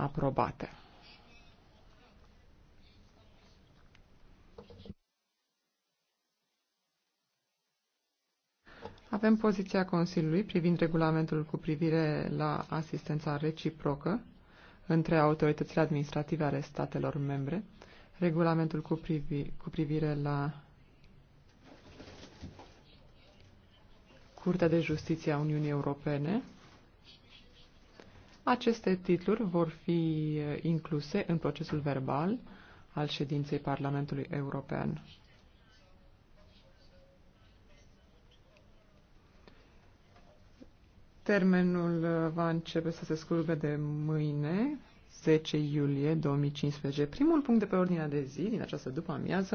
aprobate. Avem poziția Consiliului privind regulamentul cu privire la asistența reciprocă între autoritățile administrative ale statelor membre, regulamentul cu, privi, cu privire la Curtea de Justiție a Uniunii Europene, aceste titluri vor fi incluse în procesul verbal al ședinței Parlamentului European. Termenul va începe să se scurbe de mâine, 10 iulie 2015. Primul punct de pe ordinea de zi din această după amiază